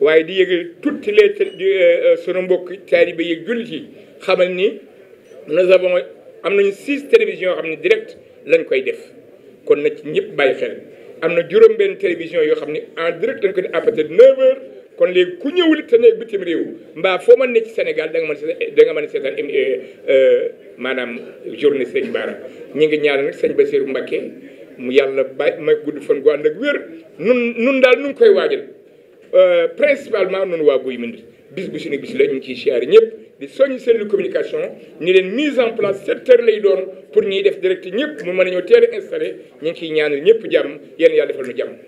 waaye di yëgal tuuti les euh, euh, sunu mbokk taalibe yeeg jullit yi xamal ni nous avons am nañu six télévision yoo xam ne direct lañ koy def kon nag ci ñëpp bàyyi xel am na juróom-benn télévision yoo xam ne en direct lañ ko di à partir de 9h kon léegi ku ñëwul te nekk bitim réew mbaa foo man ne ci Sénégal da nga mën da nga mën a seetaan euh, maanaam journée Sëñ Bara ñu ngi ñaar nag sëñ Bassirou mbakke mu yàlla bàyyi ma gudd fan gu ànd ak wér nun nun daal nu ngi koy waajal. Euh, principalement noonu waa Guy Mbind bis bu suñu bis la ñu ngi ciy siyaare ñëpp di soñ seen communication ñu leen mise en place sept heures lay doon pour ñuy def direct ñëpp mu mën a ñëw teel a ñu ngi ciy ñaanal ñëpp jàmm yéen yaa defal nu jàmm